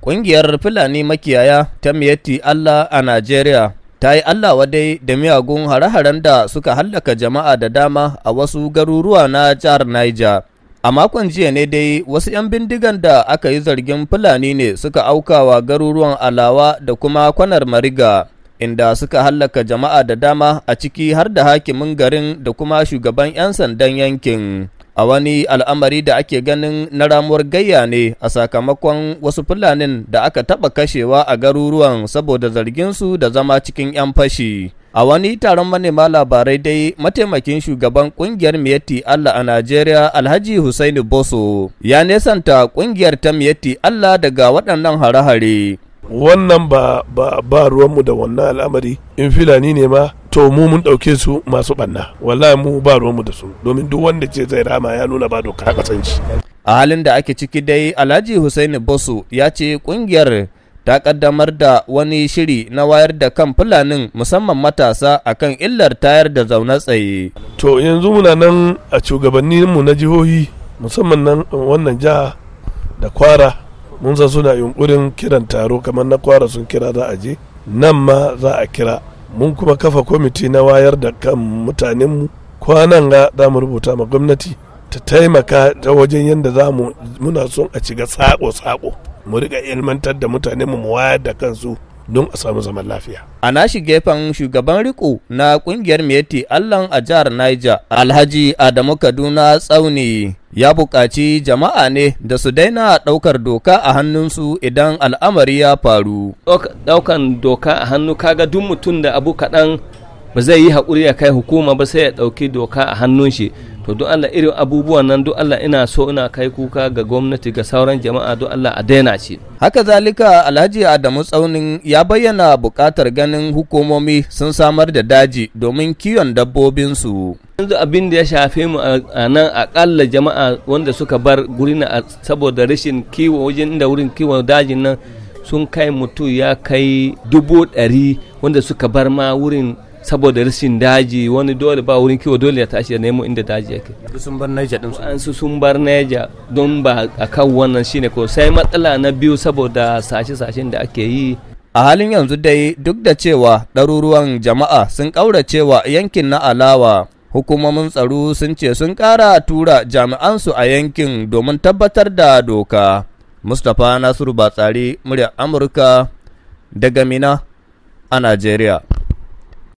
Ƙungiyar Fulani makiyaya ta Miyetti Allah a Najeriya ta yi Allah wadai da miyagun hare-haren da suka hallaka jama'a da dama a wasu garuruwa na jihar Niger. A makon jiya ne dai wasu 'yan bindigan da aka yi zargin Fulani ne suka auka wa garuruwan Alawa da kuma kwanar Mariga, inda suka hallaka jama'a da dama a ciki har da hakimin garin da kuma shugaban 'yan sandan yankin. a wani al'amari da ake ganin na ramuwar gayya ne a sakamakon wasu fulanin da aka taɓa kashewa a garuruwan saboda zarginsu da zama cikin 'yan fashi. A wani taron manema labarai dai mataimakin shugaban kungiyar Miyetti Allah a Najeriya Alhaji Hussaini Boso ya nesanta kungiyar ta Miyetti Allah daga waɗannan hare-hare. Wannan ba ruwanmu da wannan al'amari in filani ne ma to mu mun ɗauke su masu ɓanna wallahi mu ba mu da su domin duk wanda ce zai rama ya nuna ba doka a kasance a halin da ake ciki dai alhaji hussaini bosu ya ce kungiyar ta kaddamar da wani shiri na wayar da kan fulanin musamman matasa akan illar tayar da zaune tsaye to yanzu muna nan a shugabanninmu na jihohi musamman nan wannan jiha da kwara mun san suna yunkurin kiran taro kamar na kwara sun kira za a je nan ma za a kira mun kuma kafa kwamiti na wayar da kan mutanenmu kwanan ga za mu rubuta ma gwamnati ta taimaka ta wajen yadda za mu muna son a shiga sako-sako mu riƙa ilmantar da mutanenmu mu wayar da kansu don a samu zaman lafiya. A nashi gefen shugaban riko na kungiyar Miyetti Allahn a jihar Niger, Alhaji Adamu Kaduna Tsauni ya buƙaci jama'a ne da su daina ɗaukar doka a hannunsu idan al'amari ya faru. Ɗaukan doka a hannu kaga duk mutum da abu kaɗan ba zai yi haƙuri ya kai hukuma ba sai ya ɗauki doka a hannun shi to don Allah irin abubuwan nan don Allah ina so ina kai kuka ga gwamnati ga sauran jama'a don Allah a daina shi haka zalika Alhaji Adamu Tsaunin ya bayyana buƙatar ganin hukumomi sun samar da daji domin kiwon dabbobin su yanzu abin da ya shafe mu a nan akalla jama'a wanda suka bar na saboda rashin kiwo wajen inda wurin kiwo dajin nan sun kai mutu ya kai dubu ɗari wanda suka bar ma wurin saboda rashin daji wani dole ba wurin kiwo dole ya tashi ya nemo inda daji yake sun bar naija din su an su sun bar naija don ba akan wannan shine ko sai matsala na biyu saboda sashe-sashen da ake yi a halin yanzu dai duk da cewa ɗaruruwan jama'a sun ƙauracewa yankin na alawa hukumomin tsaro sun ce sun ƙara tura jami'ansu a yankin domin tabbatar da doka mustapha nasiru batsari murya amurka daga mina a najeriya